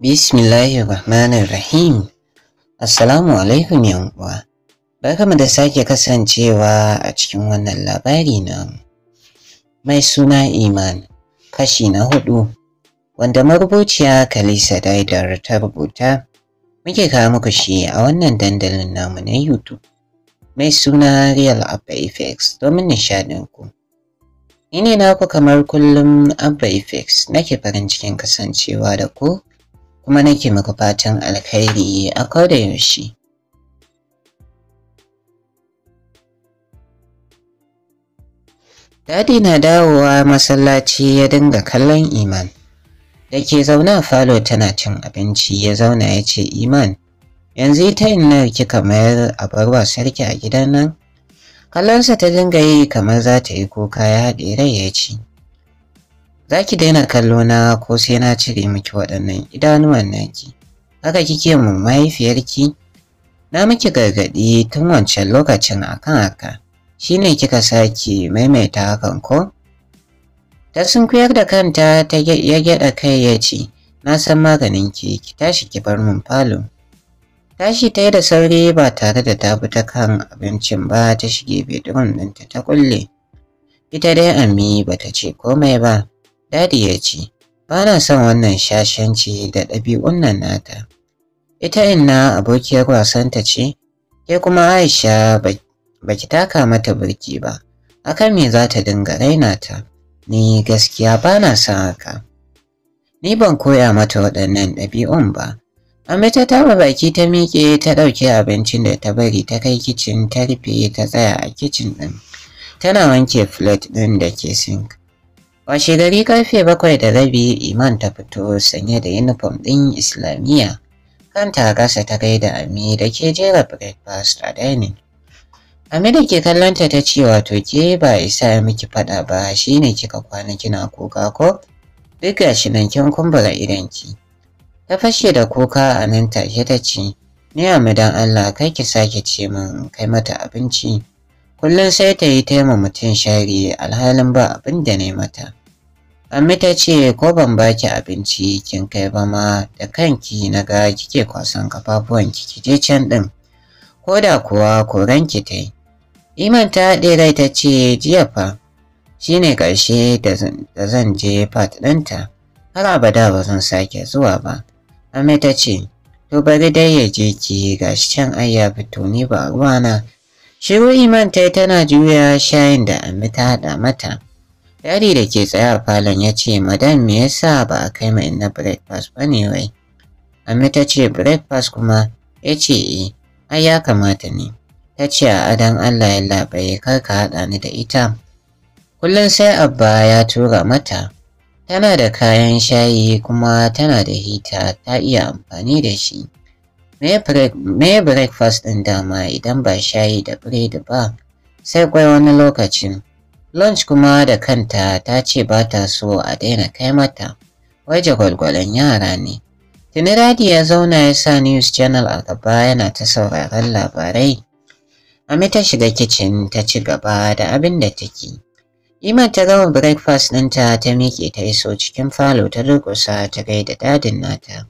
Bismillahirrahmanirrahim. Rahim. Assalamu alaikum uwa. mu da sake kasancewa a cikin wannan labari na mai suna Iman, kashi na hudu, wanda marubuciya Kalisa Daidar ta rubuta. Muke kawo muku shi a wannan dandalin namu na YouTube. Mai suna Real Abba Effects domin nishadin ku. Ni ne naku kamar kullum Abba Effects nake farin cikin kasancewa da ku. kuma nake muku fatan alkhairi a koda yaushe. Dadi na dawowa masallaci ya dinga kallon Iman. Da ke zauna falo tana cin abinci ya zauna ya ce Iman, yanzu ita ina kika mayar a barwa sarki a gidan nan? Kallonsa ta dinga yi kamar za ta yi kuka ya haɗe rai ya ce. zaki daina kallo na ko sai na cire miki waɗannan idanuwan naki haka kike mu mahaifiyarki na miki gargaɗi tun wancan lokacin akan haka shine kika sake maimaita hakan ko ta sunkuyar da kanta ta ya gyaɗa kai ya ce na san maganin ki ki tashi ki bar mun falo tashi ta yi da sauri ba tare da ta fita ta kan abincin ba ta shige bedroom ɗinta ta kulle ita dai ami bata ce komai ba Dadi ya ce, ba na son wannan shashanci da ɗabi'un nan nata. Ita inna abokiyar wasanta ce, ke kuma Aisha ba ki taka mata birki ba, akan me za ta dinga raina ta, ni gaskiya ba na son haka. Ni ban koya mata waɗannan ɗabi'un ba. Amma ta taba baki ta miƙe ta ɗauki abincin da ta bari ta kai kicin ta rufe ta tsaya a kicin ɗin. Tana wanke flat ɗin da ke sink. Washe gari karfe bakwai da rabi Iman ta fito sanye da yunifom ɗin Islamiyya. Kanta gasa ta gaida Ami da ke jera breakfast a dining. Ami da ke kallonta ta ce wato ke ba isa ya miki faɗa ba shi ne kika kwana kina kuka ko? Duk shi nan kin kumbura idanki. Ta fashe da kuka a nan take ta ce, Ni Ami dan Allah kai ki sake ce min kai mata abinci. kullum sai ta yi taima mutum shari alhalin ba abin da ne mata. ami ta ce ko ban baki abinci kin kai ba ma da kanki na ga kike kwasan kafafuwan ki je can din. Ko da kuwa koran ki tai. Iman ta haɗe rai ta ce jiya fa shi ne da zan je fat ɗinta har abada ba zan sake zuwa ba. ami ta ce to bari dai ya je ki gashi can ai ya fito ni ba ruwana. Shiru Iman ta tana juya shayin da ami ta haɗa mata. Yari da ke tsayar falon ya ce, Madam me yasa ba a kai ma inna breakfast ba ne wai? ami ta ce breakfast kuma ya ce e, ai ya kamata ne. Ta ce a adan Allah ya labaye kar ka haɗa ni da ita. Kullum sai Abba ya tura mata. Tana da kayan shayi kuma tana da hita ta iya amfani da shi. Me breakfast ɗin dama idan ba shayi da biredi ba, sai kwai wani lokacin. Lunch kuma da kanta ta ce ba ta so a daina kai mata, wai jagwalgwalon yara ne. Tuni radi ya zauna ya sa News Channel a gaba yana ta sauraron labarai. Ami ta shiga kicin ta ci gaba da abin da take. Iman ta gama breakfast ɗinta ta miƙe ta iso cikin falo ta durƙusa ta gaida dadin nata.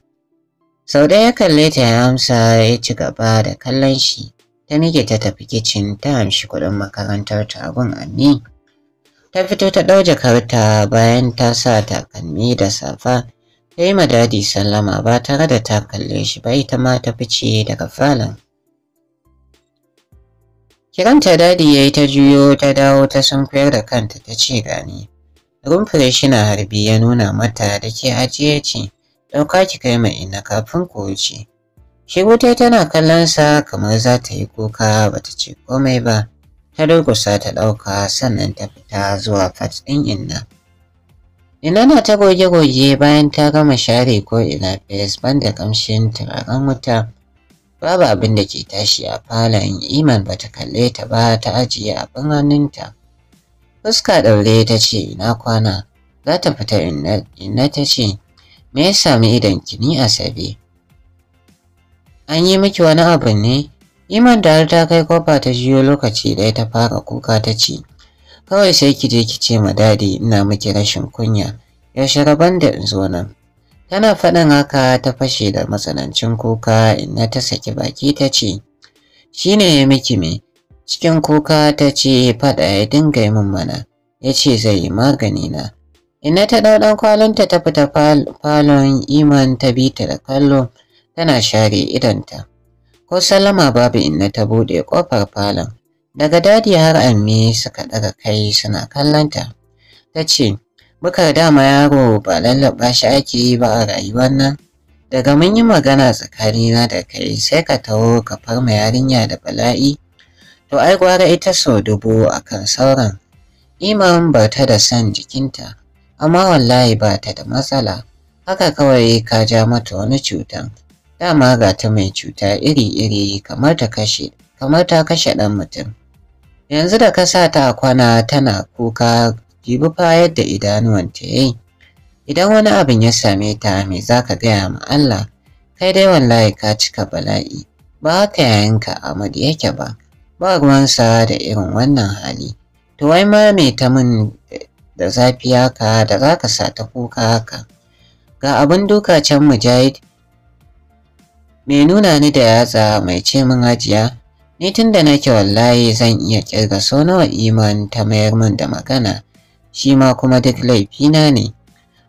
Sau ɗaya ya kalle ta ya amsa ya ci gaba da kallon shi. Ta miƙe ta tafi kicin ta amshi kuɗin makarantar ta gun Ami. ta fito ta ɗau jakarta bayan ta sa takalmi da safa ta yi madadi sallama ba tare da ta kalle shi ba ita ma ta fice daga falon. Kiranta dadi ya yi ta juyo ta dawo ta sunkuyar da kanta ta ce gani. Rumfure na harbi ya nuna mata da ke ajiye ce, ɗauka ki kai ma ina kafin ku wuce. Shirutai tana kallon sa kamar za ta yi kuka bata ce komai ba. ta durkusa ta ɗauka sannan ta fita zuwa fat ɗin inna. Ina na ta goge-goge bayan ta gama share ko ina fes banda kamshin turaren wuta. Babu abin da ke tashi a falon Iman bata kalle ta ba ta ajiye abin hannunta. Fuska ɗaure ta ce ina kwana, za ta fita inna ta ce, me ya sami idan kini a sabe? An yi miki wani abu ne? Iman da har ta kai kofa ta jiyo lokaci ɗaya ta fara kuka ta ce, Kawai sai ki je ki ce ma dadi ina miki rashin kunya, ya sharaban da in zo nan. Tana faɗin haka ta fashe da matsanancin kuka inna ta saki baki ta ce, Shi ne ya miki me? Cikin kuka ta ce faɗa ya dinga min mana, ya ce zai yi magani na. Inna ta ɗauɗan kwalonta kwalinta ta fita falon iman ta bi ta da kallo tana share idanta. ko salama babu inna ta buɗe kofar falon daga dadi har amme suka daga kai suna kallonta ta ce bukar dama yaro ba lallaɓa shi ake yi ba a rayuwar nan daga mun yi magana tsakanina da kai sai ka taho ka farma yarinya da bala'i to ai gwara ita sau dubu a kan sauran iman ba ta da san jikinta amma wallahi ba ta da matsala haka kawai ka ja mata wani cutan dama ga ta mai cuta iri-iri kamar ta kashe kamar ta kashe ɗan mutum yanzu da ka sa ta kwana tana kuka jibi fa yadda idanuwan ta yayi idan wani abin ya same ta me za ka gaya ma Allah kai dai wallahi ka cika bala'i ba haka yayinka Amadu yake ba ba ruwansa da irin wannan hali to wai ma me ta min da zafi haka da za ka sa ta kuka haka ga abin duka can mujahid Me nuna ni da yatsa mai ce min hajiya, ni tun da nake wallahi zan iya kirga so nawa iman ta mayar min da magana, shi ma kuma duk laifina ne.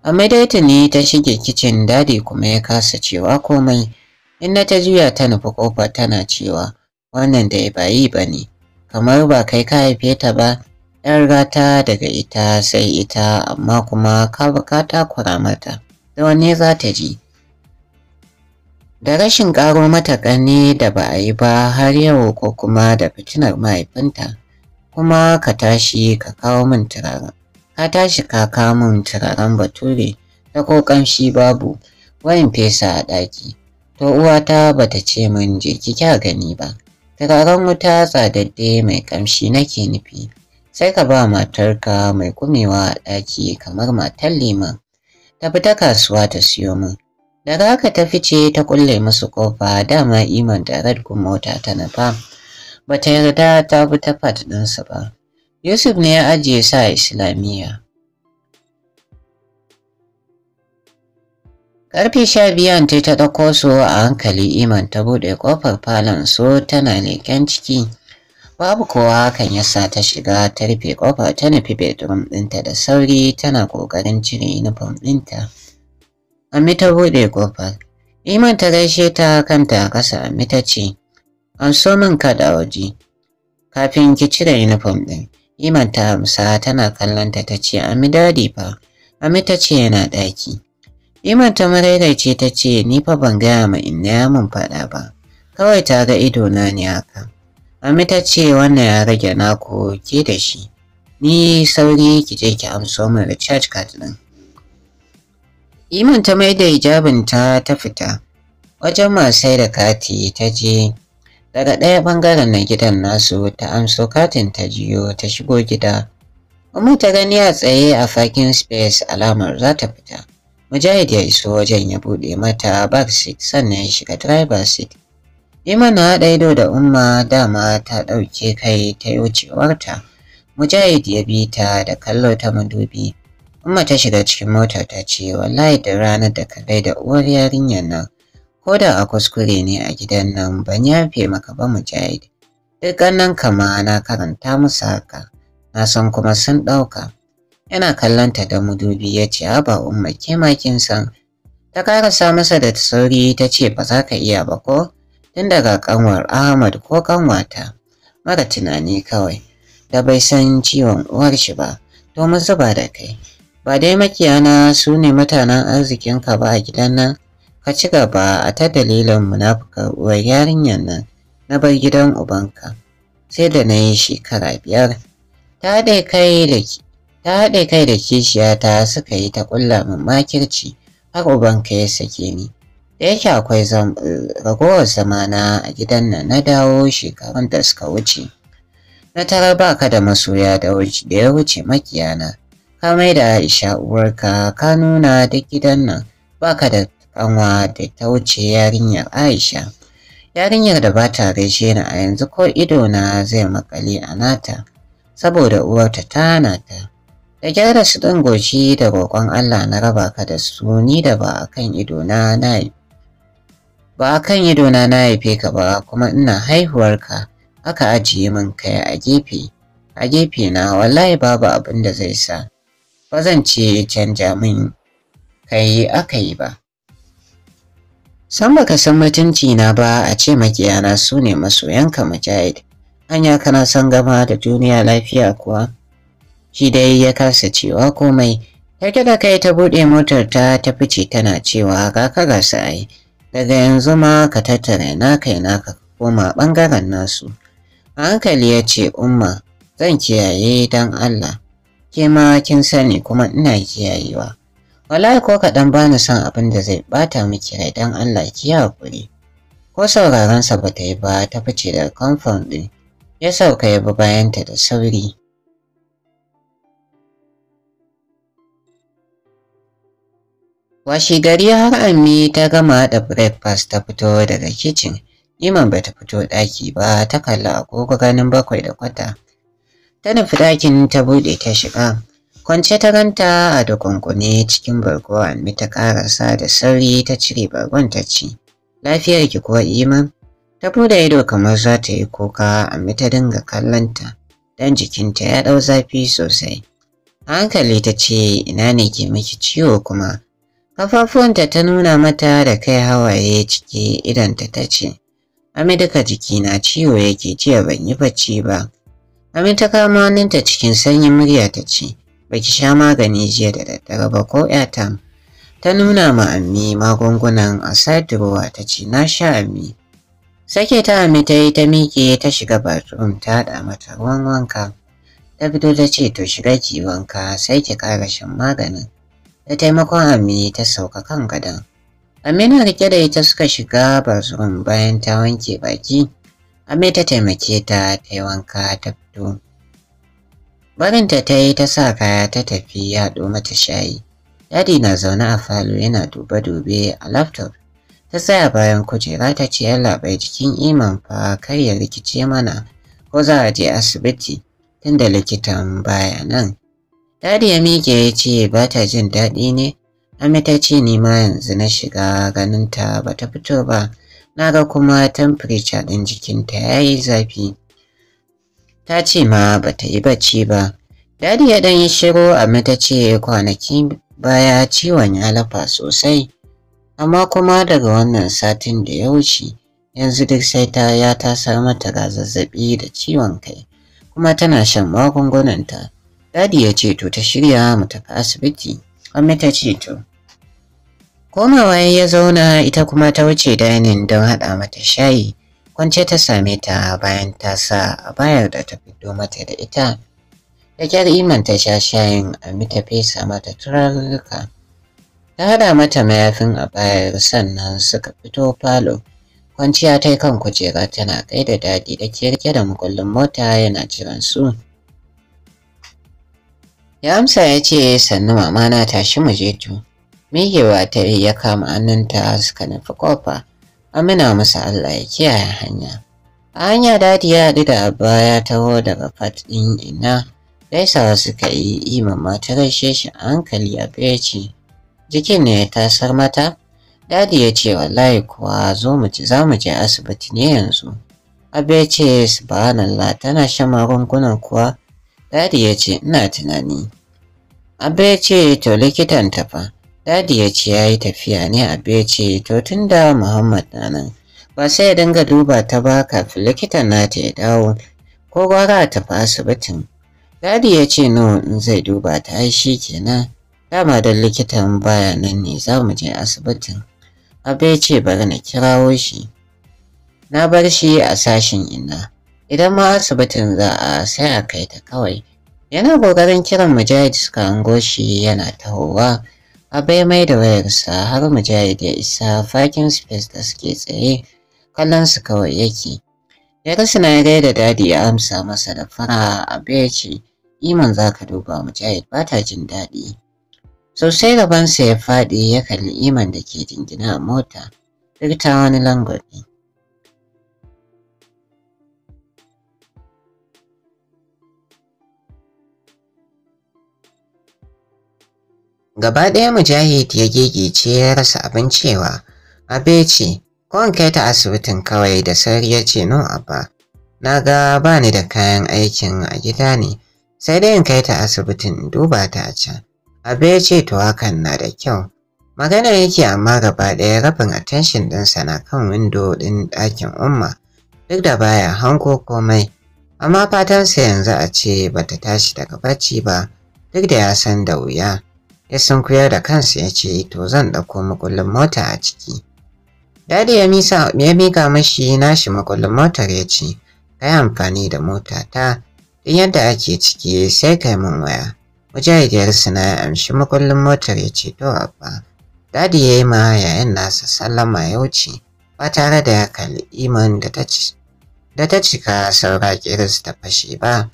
Amma dai tuni ta shige kicin dadi kuma ya kasa cewa komai, in na ta juya ta nufi kofa tana cewa wannan da ya yi ba ne, kamar ba kai ka haife ta ba, ‘yan gata daga ita sai ita amma kuma ka takura mata, da wani za ta ji. da rashin ƙaro mata kane da ba a yi ba har yau ko kuma da fitinar mahaifinta kuma ka tashi ka kawo min turaren ka tashi ka kawo min turaren bature ta ko ƙamshi babu wayan fesa a ɗaki to uwata ta ce min je ki kya gani ba turaren wuta tsadadde mai ƙamshi nake nufi sai ka ba matarka mai kumewa a ɗaki kamar matar liman ta fita kasuwa ta siyo min Daga haka ta fice ta kulle musu kofa dama iman da red gun mota ta nufa. ta yarda ta bi ta fat ɗinsu ba. Yusuf ne ya ajiye sa Islamiyya. Karfe sha biyan ta ta ɗauko su a hankali iman ta buɗe ƙofar falon su tana leƙen ciki. Babu kowa hakan ya sa ta shiga ta rufe ƙofa ta nufi bedroom ɗinta da sauri tana ƙoƙarin cire uniform ɗinta. Ami ta buɗe ƙofar. Iman ta gaishe ta kanta a ƙasa Ammi ta ce, An so min da waje. Kafin ki cire uniform ɗin, Iman ta amsa tana kallonta ta ce, ami dadi fa, Ami ta ce yana ɗaki. Iman ta maraidaice ta ce, Ni fa ban gaya ma inna ya mun faɗa ba, kawai ta ga idona ne haka. Ammi ta ce wannan ya rage naku ke da shi. Ni sauri ki je ki amso min recharge card ɗin. Iman ta mai da hijabinta ta fita. Wajen masai da kati ta je daga ɗaya ɓangaren na gidan nasu ta amso katin ta jiyo ta shigo gida. Umu ta gani a tsaye a fakin space alamar za ta fita. Mujahid ya iso wajen ya buɗe mata back seat sannan ya shiga driver seat. Iman na haɗa ido da umma dama ta ɗauke kai ta yi wucewarta. Mujahid ya bi ta da kallo ta madubi. Umma ta shiga cikin mota ta ce wallahi da ranar da ka da uwar yarinyar nan ko da a kuskure ne a gidan nan ban yafe maka ba mujahid. Duk nan kama na karanta musu haka na san kuma sun ɗauka. Yana kallonta da mudubi ya ce ba umma ke makin san. Ta karasa masa da sauri ta ce ba za ka iya ba ko? Tun daga kanwar Ahmad ko kanwata mara tunani kawai da bai san ciwon uwar shi ba. to mun zuba da kai ba dai makiyana su ne mutanen arzikinka ba a gidan nan ka ci gaba a ta dalilin munafukar uwar yarinyar nan na bar gidan ubanka sai da na yi shekara biyar ta haɗe kai da ta kishiyata suka yi ta ƙulla min makirci har ubanka ya sake ni da yake akwai eh, ragowar zamana a gidan nan na dawo shekarun da suka wuce na tarar baka da masoya da ya wuce makiyana ka mai da Aisha uwarka ka nuna duk gidan nan baka da kanwa da ta wuce yarinyar Aisha. Yarinyar da ba ta gaishe ni a yanzu ko ido na zai makale a nata saboda uwarta ta nata. Da gyara su ɗin goshi da roƙon Allah na raba ka da su ni da ba a kan ido na na ba kan ido na na haife ka ba kuma ina haihuwar ka, aka ajiye min kai a gefe a gefe na wallahi babu abin da zai sa ba zan ce canja min kai aka yi ba. San baka san mutunci na ba a ce makiyana su ne masoyanka mujahid. Hanya kana san gama da duniya lafiya kuwa? Shi dai ya kasa cewa komai. Take da kai ta buɗe motar ta ta fice tana cewa ka ga sa'ai, Daga yanzu ma ka tattara na kai ka koma ɓangaren nasu. A hankali ya ce umma zan kiyaye dan Allah. ke ma kin sani kuma ina kiyayewa wallahi ko kaɗan ba ni son abin da zai ɓata miki rai don Allah ki haƙuri ko sauraron ba ta yi ba ta fice da kamfan ɗin ya sauka ya bi bayanta da sauri Washi gari har Ammi ta gama da breakfast ta fito daga kicin, Iman bata fito ɗaki ba ta kalla agogo ganin bakwai da kwata. ta nufi ɗakin ta buɗe ta shiga. Kwance ta ganta a dukunkune cikin bargo Ammi ta ƙarasa da sauri ta cire bargon ta ce, Lafiyar ki kuwa Iman? Ta buɗe ido kamar za ta yi kuka amma ta dinga kallonta dan jikinta ya ɗau zafi sosai. A hankali ta ce ina ne ke miki ciwo kuma. Kafafuwanta ta nuna mata da kai hawaye ciki idanta ta ce, Ami duka jikina ciwo yake jiya ban yi bacci ba. Amin ta kama hannunta cikin sanyin murya ta ce, Baki sha magani jiya da daddare ba ko ƴata. Ta nuna ma Ammi magungunan a sadurwa ta ce, Na sha Ammi. Sake ta Ammi ta yi ta miƙe ta shiga bathroom ta haɗa mata ruwan wanka. Ta fito ta ce, To shiga ki wanka sai ki ƙara shan maganin. Da taimakon Ammi ta sauka kan gadon. Amina rike da ita suka shiga bathroom bayan ta wanke baki. Amme ta taimake ta ta yi wanka ta fito. Barinta ta yi ta sa kaya ta tafi ya mata shayi. Dadi na zaune a falo yana dube-dube a laptop. Ta tsaya bayan kujera ta ce labai jikin iman fa kar ya rikice mana ko za a je asibiti tunda likitan baya nan. Dadi ya miƙe ya ce ba ta jin daɗi ne, Ami ta ce ni ma yanzu na shiga ganin ta ba ta fito ba na ga kuma temperature ɗin jikinta ya yi zafi. Ta ce ma bata yi bacci ba. Dadi ya ɗan yi shiru amma ta ce kwanaki baya ciwon ya lafa sosai. Amma kuma daga wannan satin da ya wuce yanzu duk sai ta ya tasar mata ga zazzaɓi da ciwon kai kuma tana shan magungunanta. Dadi ya ce to ta shirya mu tafi asibiti. Amma ta ce to. Komawa ya zauna ita kuma ta wuce dainin don haɗa mata shayi. Kwance ta same ta bayan ta sa a bayar da ta fito mata da ita. Da kyar iman ta sha shayin a mita fesa mata turarruka. Ta haɗa mata mayafin a bayar sannan suka fito falo. Kwanciya ta yi kan kujera tana kai da daɗi da ke rike da mukullin mota yana jiran su. Ya amsa ya ce sannu mamana na tashi mu je tu. Migewa ta yi ya kama suka nufi kofa. Amina masa Allah ya kiyaye hanya. A hanya dadi ya haɗu da abba ya taho daga fat ɗin ina. Gaisawa suka yi ima mata gaishe shi a hankali a ya ce, Jikin ne ya tasar mata? Dadi ya ce wallahi kuwa zo mu ci za mu je asibiti ne yanzu. Abba ya ce subhanallah tana shan magungunan kuwa? Dadi ya ce ina tunani. Abba ya ce to likitan ta fa. Dadi ya ce ya yi tafiya ne a bece to tun da Muhammad na nan ba sai ya dinga duba ta ba kafin likitan nata ya dawo ko gwara ta tafi asibitin. Dadi ya ce no in zai duba ta shi kenan dama don likitan baya nan ne za mu je asibitin. Abu ya ce bari na kirawo shi. Na bar shi a sashin ina idan ma asibitin za a sai a kai ta kawai. Yana ƙoƙarin kiran Mujahid suka hango shi yana tahowa. A mai da wayarsa har Mujahid ya isa fakin space da suke tsaye kallon su kawai yake. Ya rasu na da dadi ya amsa masa da fara Abba ya ce iman za ka duba Mujahid ba ta jin daɗi. Sosai gabansa ya faɗi ya kalli iman da ke jingina a mota duk ta wani langwabi. Gaba ɗaya Mujahid ya gigice ya rasa abin cewa, Abe ce, ko in kai ta asibitin kawai da sauri ya ce no abba, na ga ba ni da kayan aikin a gida ne, sai dai in kai ta asibitin duba ta a can. Abe ya ce to hakan na da kyau. Magana yake amma gaba ɗaya rabin attention ɗinsa na kan windo ɗin ɗakin umma, duk da baya hanko komai. amma fatansa yanzu a ce bata tashi daga bacci ba duk da ya san da wuya ya koyar da kansa ya ce to zan ɗauko makullin mota a ciki. Dadi ya miƙa mashi nashi makullin motar ya ce, ka yi amfani da mota ta in yadda ake ciki sai kai mun waya. Mujahidiyar suna ya amshi makullin motar ya ce to abba. Dadi ya yi ma yayin nasa sallama ya wuce ba tare da ya kalli iman da ta cika saura su ta fashe ba.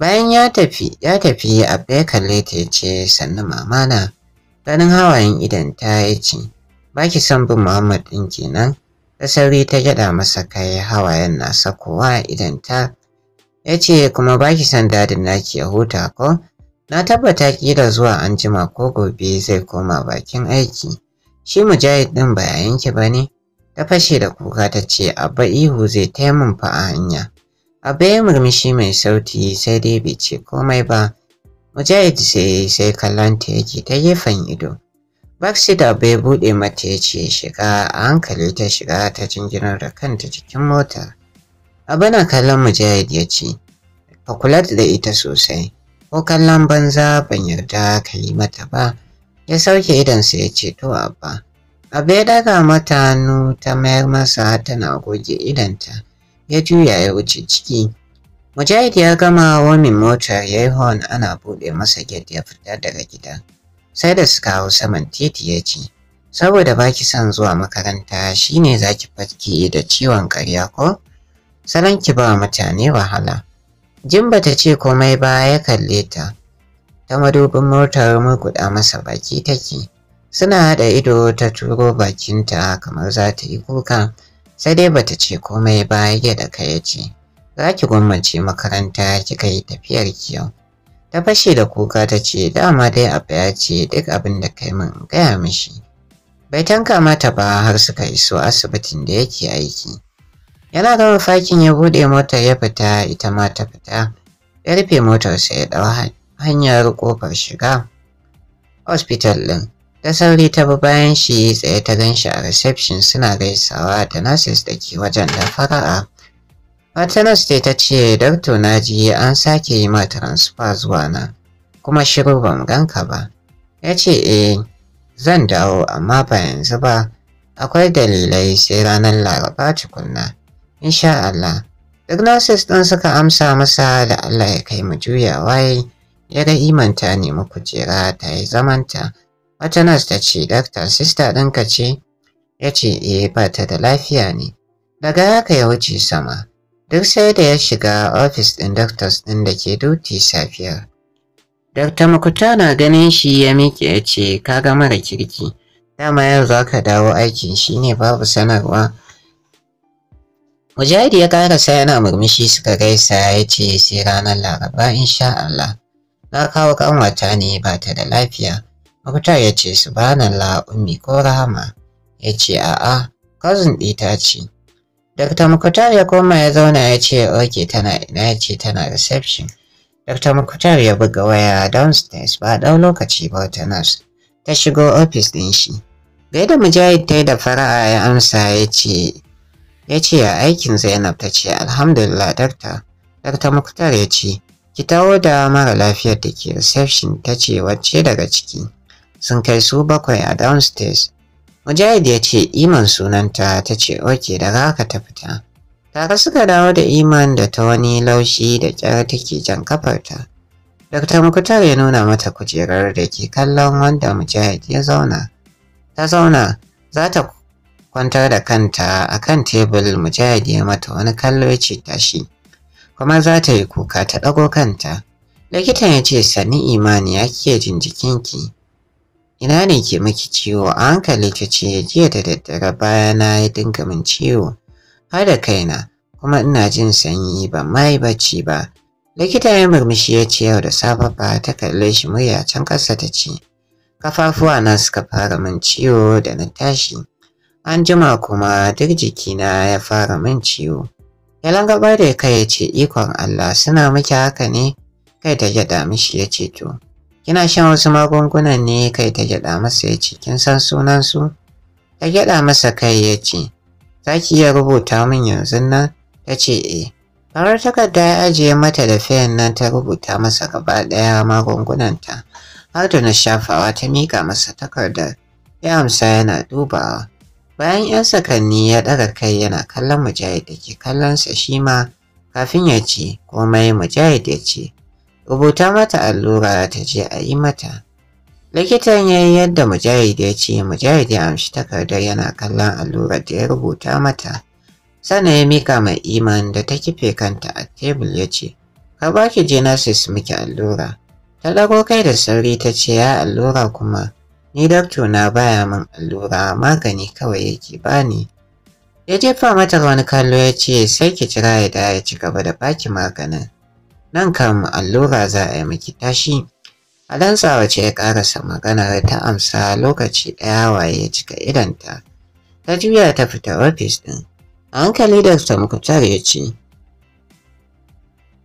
Bayan ya tafi, ya tafi Abba ya kalle ta ya ce sannan mamana. Ganin hawayen idan ta ya ce, ba ki son bin Muhammad ɗin kenan. ta sauri ta gyaɗa masa kai hawayen na sakowa idan ta. Ya ce kuma ba ki son dadin naki ya huta ko? Na tabbata kila zuwa anjima ko gobe zai koma bakin aiki. Shi mujahid ɗin ba yayanki ba ne? Ta fashe da kuka ta ce abba ihu zai taimun fa a hanya. a ya murmushi mai sauti sai dai bai ce komai ba. Mujahid sai sai kallon ta yake ta gefen ido. Baxi da abu buɗe mata ya ce shiga a hankali ta shiga ta jinginar da kanta cikin mota abana na kallon Mujahid ya ce, ka kula da ita sosai, ko kallon banza ban yarda ka yi mata ba. Ya sauke idansa ya ce to abba. Abai ya daga mata hannu ta mayar masa tana goge idanta. ya juya ya wuce ciki. Mujahid ya gama wamin motar ya yi hon ana buɗe masa get ya fita daga gida. Sai da suka hau saman titi ya ce, saboda ba ki son zuwa makaranta shi ne za ki farke da ciwon karya ko? Salon ki ba mutane wahala. Jin ta ce komai ba ya kalle ta. Ta madubin motar murkuɗa masa baki take. Suna haɗa ido ta turo bakinta kamar za ta yi kuka. sai dai bata ce komai ba yadda da ka ya ce za ki gwammace makaranta kika yi tafiyar yau. ta fashe da kuka ta ce dama dai abu ya ce duk abin da kai min gaya mishi bai tanka mata ba har suka iso asibitin da yake aiki yana gama fakin ya buɗe motar ya fita ita ma ta fita ya rufe motarsa ya ɗau hanyar ƙofar shiga hospital ɗin Ta sauri ta bi bayan shi tsaye ta gan shi a reception suna gaisawa da nurses da ke wajen da fara'a. Wata nurse ta ce, Dokto ji an sake yi ma transfer zuwa na, kuma shiru ban gan ka ba. Ya ce, eh, zan dawo amma ba yanzu ba, akwai dalilai sai ranar Laraba tukunna. Insha Allah, duk nurses ɗin suka amsa masa da Allah ya kai mu juyawa ya ga imanta ne mu kujera ta yi zamanta. Wata nas ta ce, Dakta, sista ɗinka ce? Ya ce, eh ba ta da lafiya ne. Daga haka ya wuce sama. Duk sai da ya shiga ofis ɗin doctors ɗin da ke duti safiya. dakta makuta na ganin shi ya miƙe ya ce, 'Ka ga mara kirki, dama yau za ka dawo aikin shi ne babu sanarwa. Mujahid ya karasa yana murmushi suka gaisa ya ce sai ranar Laraba insha Allah. Na kawo kanwata ne ba ta da lafiya. Muktar ya ce subhanallah ummi ko rahama ya ce a'a cousin ta ce. Dr. Muktar ya koma ya zauna ya ce oke tana ina ya ce tana reception. Dr. Muktar ya buga waya downstairs ba ɗau lokaci ba wata nurse ta shigo ofis ɗin shi. Gaida Mujahid ta yi da fara'a ya amsa ya ce ya ce a aikin Zainab ta ce alhamdulillah dakta dakta Muktar ya ce ki da mara lafiyar da ke reception ta ce wacce daga ciki sun kai su bakwai a downstairs mujahid ya ce iman sunanta ta ce oke daga haka ta fita tare suka dawo da iman da ta wani laushi da kyar take jan kafarta Dr. Mukutar ya nuna mata kujerar da ke kallon wanda Mujahid ya zauna. Ta zauna za ta kwantar da kanta a kan tebul Mujahid ya mata wani kallo ya ce tashi. Kuma za ta yi kuka ta ɗago kanta. Likitan ya ce sani imani ya ke jin jikinki. ina ne ke miki ciwo a hankali ta ce jiya da daddare baya na ya dinga min ciwo har da kaina kuma ina jin sanyi ban ma yi bacci ba likita ya murmushi ya ce yau da safe ba ta kalle shi murya can kasa ta ce kafafuwa na suka fara min ciwo da na tashi an jima kuma duk jikina ya fara min ciwo ya gaba da kai ya ce ikon Allah suna miki haka ne kai ta gyaɗa mishi ya ce to kina shan wasu magungunan ne kai ta gyada masa ya ce kin san sunan ta gyaɗa masa kai ya ce za ki iya rubuta min yanzu nan ta ce e Kamar takarda ya ajiye mata da fayan nan ta rubuta masa gaba ɗaya ta, har da na shafawa ta miƙa masa takardar ya amsa yana dubawa bayan 'yan sakanni ya ɗaga kai yana kallon mujahid da ke kallonsa shi ma kafin ya ce komai mujahid ya ce rubuta mata allura ta je a yi mata. Likitan ya yi yadda Mujahid ya ce Mujahid ya amshi takardar yana kallon allura da ya rubuta mata. Sannan ya mika mai iman da ta kife kanta a tebul ya ce, Ka ba ki genesis miki allura. Ta lago kai da sauri ta ce ya allura kuma, ni dakto na baya min allura magani kawai yake bani. Ya jefa mata wani kallo ya ce sai ki jira ya ya ci gaba da baki maganin. nan kam allura za a yi miki tashi a dantsawa ce ya karasa maganar ta amsa lokaci ɗaya waye ya cika idanta ta juya ta fita ofis ɗin a hankali da mukutar ya ce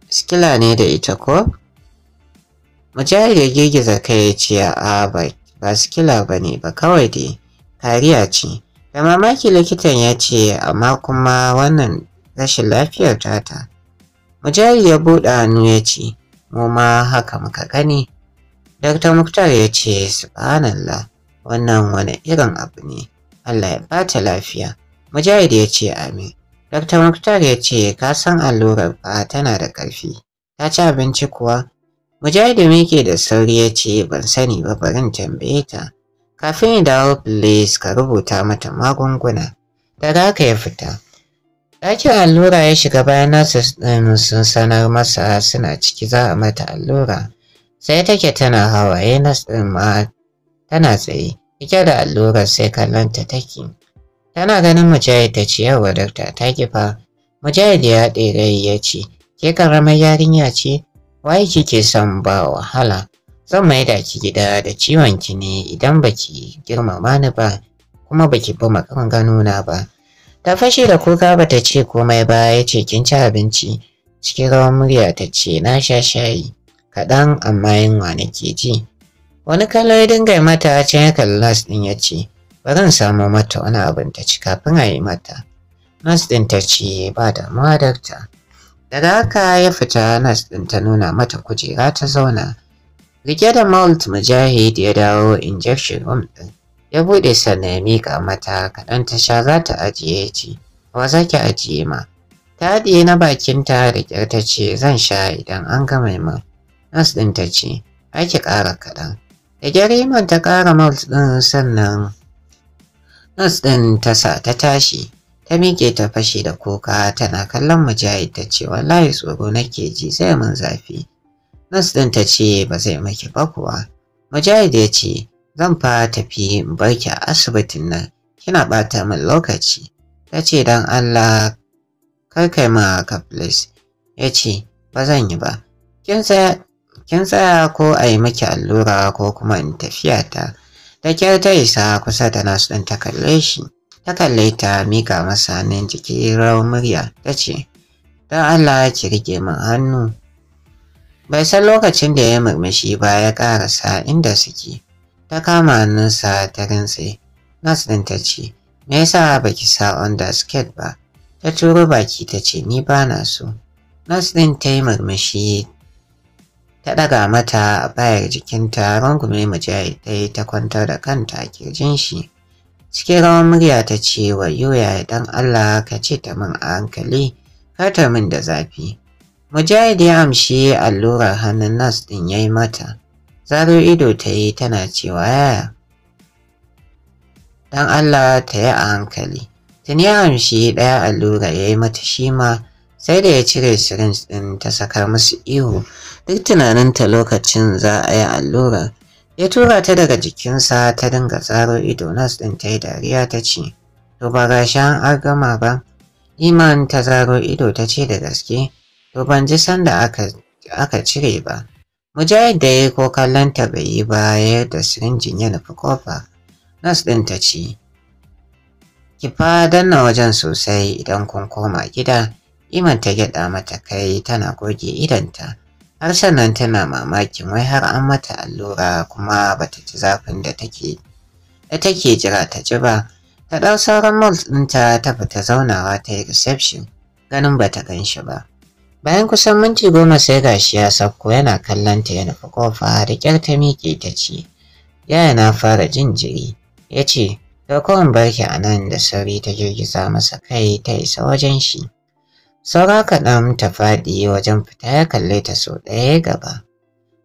skila ne da ita ko mujahid ya girgiza kai ya ce a ba skila ba ne ba kawai dai kariya ce da mamaki likitan ya ce amma kuma wannan rashin lafiyar tata Mujahid ya buɗe hannu ya ce, mu ma haka muka gani. Dr. Muktar ya ce, Subhanallah, wannan wani irin abu ne, Allah ya bata lafiya. Mujahid ya ce, Amin. Dr. Muktar ya ce, Ka san allurar ba tana da ƙarfi, ta ci abinci kuwa. Mujahid ke da sauri ya ce, Ban sani ba barin tambaye ta. Kafin ya dawo, please ka rubuta mata magunguna. Daga haka ya fita. Ɗakin allura ya shiga bayan nasu sun sanar masa suna ciki za a mata allura. Sai take tana hawaye na ma tana tsaye. Ike da allurar sai kallonta take. Tana ganin Mujahid ta ce yawa dakta ta kifa. Mujahid ya ɗere ya ce, Ke karamar yarinya ce, waye kike son ba wahala? Zan maida ki gida da ciwon ki ne idan baki girmama ni ba, kuma baki bi makan ganuna ba. Ta fashe da kuka bata ce komai ba ya ce kin ci abinci. Cikin rawan murya ta ce na sha shayi kaɗan amma yunwa ke ji. Wani kallo ya dinga mata can ya kalli nas ɗin ya ce bari in samo mata wani abin ta ci kafin a yi mata. Nas ɗin ta ce ba damuwa dakta. Daga haka ya fita nas ɗin ta nuna mata kujera ta zauna. Rike da Malt Mujahid ya dawo injection room ɗin. ya bude sannan ya mika mata kaɗan ta sha za ta ajiye ci, wa za ki ajiye ma ta haɗiye na bakinta da ƙyar ta ce zan sha idan an gama min nas ɗin ta ce ake ƙara kaɗan da iman ta ƙara malt ɗin sannan nas ɗin ta sa ta tashi ta miƙe ta fashe da kuka tana kallon mujahid ta ce wallahi tsoro nake ji zai mun zafi nas ɗin ta ce ba zai maki ba kuwa mujahid ya ce zan fa tafi in barki a asibitin nan kina ɓata min lokaci ta ce don Allah kar kai ma ka please ya ce ba zan yi ba kin tsaya ko a yi miki allura ko kuma in tafiya ta da kyar ta isa kusa da nasu ɗin ta kalle shi ta kalle ta mika masa hannun jiki rawar murya ta ce don Allah ki rike min hannu bai san lokacin da ya murmushi ba ya ƙarasa inda suke ta kama hannunsa ta rintse nas ɗin ta ce me yasa baki sa skate ba ta turo baki ta ce ni ba na so nas ɗin ta yi murmushi ta ɗaga mata a bayar jikinta rungume mujahid ta yi ta kwantar da kanta a kirjin shi cikin rawan murya ta ce wa yoya dan Allah ka ce ta min a hankali kar ta min da zafi mujahid ya amshi allurar hannun nas ɗin ya yi mata zaro ido ta yi tana cewa yaya dan Allah ta yi a hankali tuni ya amshi ɗaya allura ya yi mata shi ma sai da ya cire syringe ɗin ta saka musu ihu duk tunaninta lokacin za a yi allurar ya tura ta daga jikinsa ta dinga tsaro ido nas ɗin ta yi dariya ta ce to ba ga an gama ba iman ta zaro ido ta ce da gaske to ban ji sanda aka cire ba Mujahid da ya ko kallonta bai yi ba yadda sirinjin ya nufi kofa. Nas ɗin ta ci. Ki fa danna wajen sosai idan kun koma gida, Iman ta gyaɗa mata kai tana goge idanta. Har sannan tana mamakin wai har an mata allura kuma bata ci zafin da take da take jira ta ji ba. Ta ɗau sauran malt ɗinta ta fita zaunawa ta yi reception ganin bata gan shi ba. Bayan kusan minti goma sai gashi ya sauko, yana kallon ta ya nufi kofa da kyar ta miƙe ta ce, Yaya na fara jin jiri, ya ce, kowane barki a nan da sauri ta girgiza masa kai ta isa wajen shi. Saura kaɗan ta faɗi wajen fita ya kalle ta sau ɗaya gaba.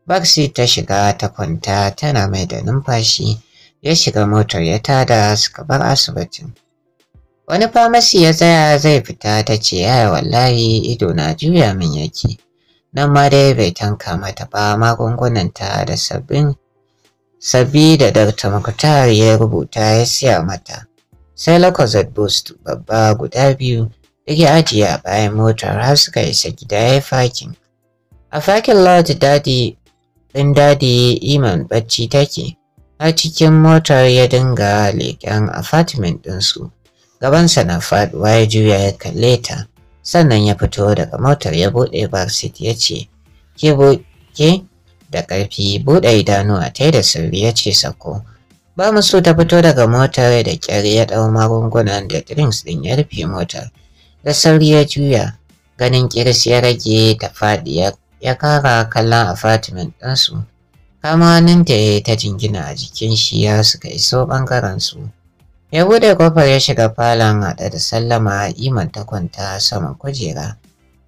Baksi ta shiga ta kwanta tana mai da numfashi ya shiga motar ya tada suka bar asibitin. Wani famasi ya tsaya zai fita ta ce yaya wallahi ido na juya min yake. Nan ma dai bai tanka mata ba magungunanta da sabbin sabbi da Dr. Makutar ya rubuta ya siya mata. Sai Lakozat Boost babba guda biyu duk ajiye a bayan motar har suka isa gida ya yi fakin. A fakin Lord Daddy ɗin Daddy Iman bacci take, har cikin motar ya dinga leƙen apartment ɗinsu. gabansa na faduwa ya juya ya kalle ta sannan ya fito daga motar ya buɗe barsit ya ce ke buke da ƙarfi buɗe idanuwa ta da sirri ya ce sako ba mu so ta fito daga motar da ƙyar ya ɗau magungunan da drinks ɗin ya rufe motar da sauri ya juya ganin kiris ya rage ta faɗi ya kara kallon apartment ɗinsu kama hannunta ya ta jingina a jikin shi ya suka iso ɓangaren su. Ya bude kofar ya shiga falon haɗe da sallama iman ta kwanta sama kujera.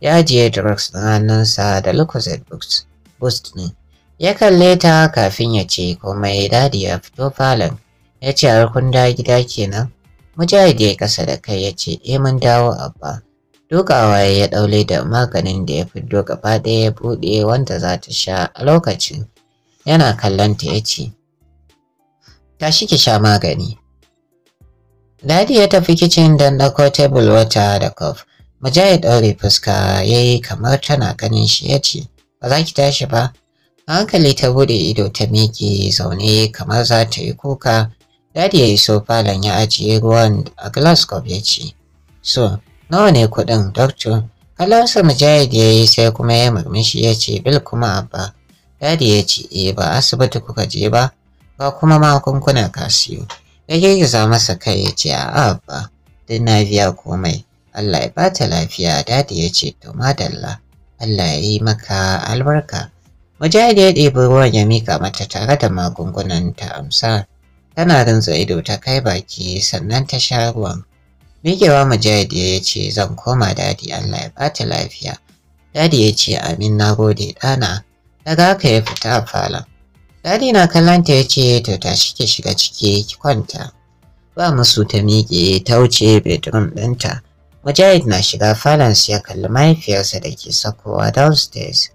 Ya ajiye drugs ɗin hannunsa da Lucozade Boost, boost ne. Ya kalle ta kafin ya ce ya dadi ya fito falon. Ya ce har kun da gida kenan. Mujahid ya kasa da kai ya ce e mun dawo abba. Dukawa ya ɗaule da maganin da ya fito gaba ɗaya ya buɗe wanda za ta sha a lokacin. Yana kallon ta ya ce, Tashi ki sha magani. Dadi ya tafi kicin don ɗauko table wata da kof. Mujahid ɗaure fuska ya yi kamar tana ganin shi ya ce, Ba za ki tashi ba? hankali ta buɗe ido ta miki zaune kamar za ta yi kuka. Dadi ya iso falon ya ajiye ruwan a glass cup ya ce, So, nawa ne kuɗin, doctor? Kallon Mujahid ya yi sai kuma ya murmushi ya ce, Bil kuma abba. Dadi ya ce, E ba asibiti kuka je ba, ba kuma makunkuna ka siyo. ya girgiza masa kai ya ce a ba duk na biya komai Allah ya bata lafiya dadi ya ce to madalla Allah ya yi maka albarka Mujahid ya ɗebi ruwan ya mika mata tare da magungunan ta amsa tana rinza ido ta kai baki sannan ta sha ruwan Mikewa Mujahid ya ce zan koma dadi Allah ya bata lafiya Dadi ya ce amin na gode ɗana daga haka ya fita a falon Dadi na kallon ya ce to tashi ki shiga ciki ki kwanta. Ba musu ta miƙe ta wuce bedroom ɗinta. Mujahid na shiga falons ya kalli mahaifiyarsa da ke sakowa downstairs.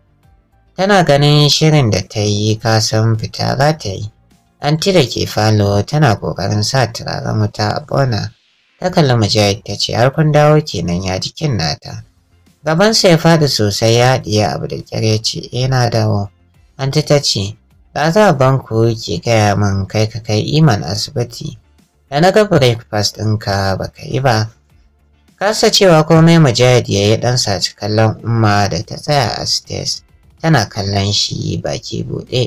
Tana ganin shirin da ta yi kasan fita za ta yi. Anti da ke falo tana ƙoƙarin sa turaren wuta a bona. Ta kalli Mujahid ta ce har kun dawo kenan ya jikin nata. Gabansa ya faɗi sosai ya haɗiye abu da ƙyar ya ce eh dawo. Anti ta ce Ɗaza banku ke gaya min kai ka kai iman asibiti, da na ga breakfast ɗinka ba ka yi ba. Kasa cewa komai mujahid ya yi ɗan saci kallon umma da ta tsaya a stairs tana kallon shi baki buɗe.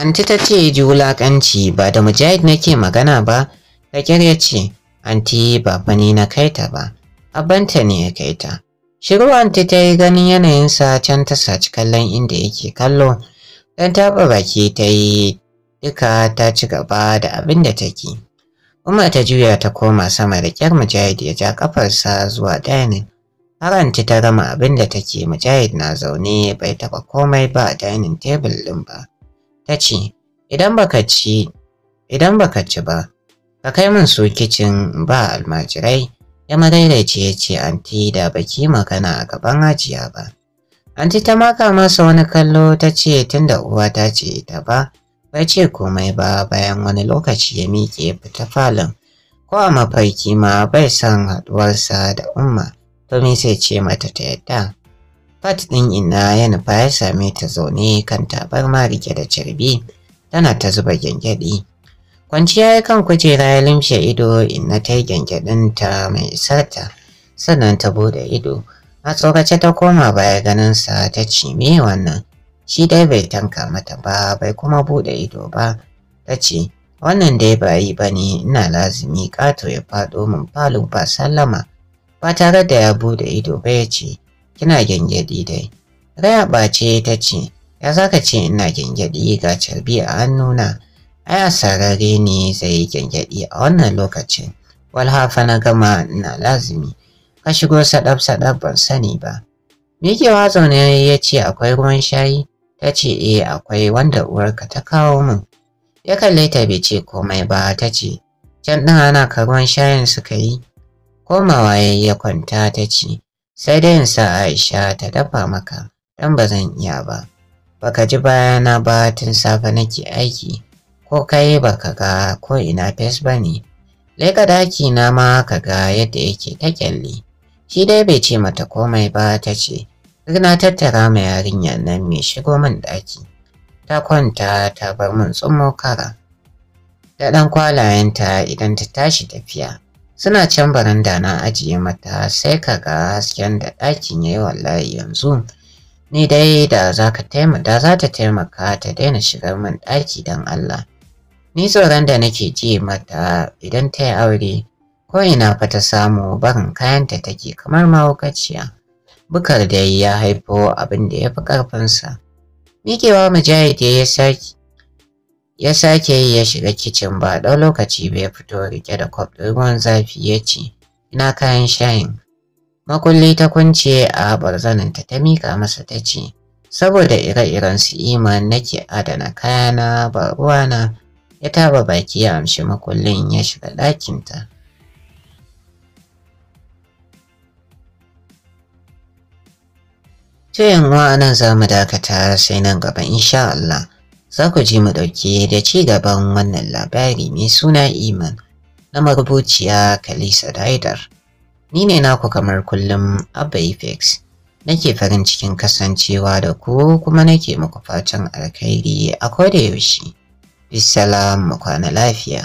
Anti ta ce ji wulaƙanci ba da mujahid nake magana ba, da ya ce, anti ba bani na kai ta ba abanta ne ya kai ta shiru anti ta yi ganin sa can ta saci kallon inda yake kallo dan taɓa baki ta yi duka ta ci gaba da abin da take Umar ta juya ta koma sama da kyar Mujahid ya ja kafarsa zuwa dining. anti ta gama abin da take Mujahid na zaune bai taba komai ba a dining table din ba. Ta ce, "Idan baka ci, idan baka ci ba, ka kai min su kicin ba almajirai ya madaidaici ya ce anti da baki magana a gaban ajiya ba anti ta maka masa wani kallo ta ce tunda uwa ta ce ta ba bai ce komai ba bayan wani lokaci ya miƙe fita falon ko a mafarki ma bai son haɗuwarsa da umma to me sai ce mata ta yadda Fat ɗin ina ya nufa ya same ta zaune kan tabarma rike da carbi tana ta zuba gyangyaɗi Kwanciya ya kan kujera ya limshe ido na ta yi ta mai sata sannan ta buɗe ido. A tsokace ta koma baya ganinsa ta ci, me wannan, shi dai bai tanka mata ba bai kuma buɗe ido ba, ta ce wannan dai ba yi ba ne ina lazimi Kato ya faɗo min falo ba sallama, ba tare da ya buɗe ido ba ya ce kina gyangyaɗi dai. Raya ɓace ta ce ya zaka ce ina gyangyaɗi ga carbi a hannuna. aya sarare ne zai gyangyaɗi a wannan lokacin walhafa na gama na lazimi ka shigo sadab sadab ban sani ba miƙewa zaune ya ce akwai ruwan shayi ta ce eh akwai wanda uwarka ta kawo min ya kalle ta bai ce komai ba ta ce can ɗin ana ka ruwan shayin suka yi komawa ya kwanta ta ce sai dai in sa aisha ta dafa maka dan ba zan iya ba baka ji bayana ba tun safe nake aiki ko kai ka ga ko ina fes ba ne. leka daki na ma ka ga yadda yake ta kyalli shi dai bai ce mata komai ba ta ce duk tattara ma yarinyar nan mai shigo min daki ta kwanta ta bar min tsummo kara da ɗan kwalayenta idan ta tashi tafiya suna can baranda na ajiye mata sai ka ga hasken da ɗakin ya yi wallahi yanzu ni dai da za ta taimaka ta daina shigar min ɗaki don Allah Ni tsoron da nake ji mata idan ta yi aure, ko ina fa ta samu barin kayanta take kamar mahaukaciya. Bukar da ya haifo abin da ya fi ƙarfinsa. Miƙewa mujahid ya sake ya sake yi ya shiga kicin ba ɗau lokaci bai fito rike da kwaf ɗin ruwan zafi ya ce, Ina kayan shayin. Makulli ta kunce a barzaninta ta miƙa masa ta ce, Saboda ire-iren su iman nake adana kayana ba ruwana ya taba baki ya amshi makullin ya shiga ɗakinta. To yanwa nan za mu dakata sai nan gaba insha Allah za ku ji mu ɗauke da ci gaban wannan labari mai suna Iman na marubuciya Kalisa Daidar. Ni ne naku kamar kullum Abba nake farin cikin kasancewa da ku kuma nake muku fatan alkhairi a koda yaushe. Bisalam mu kwana lafiya.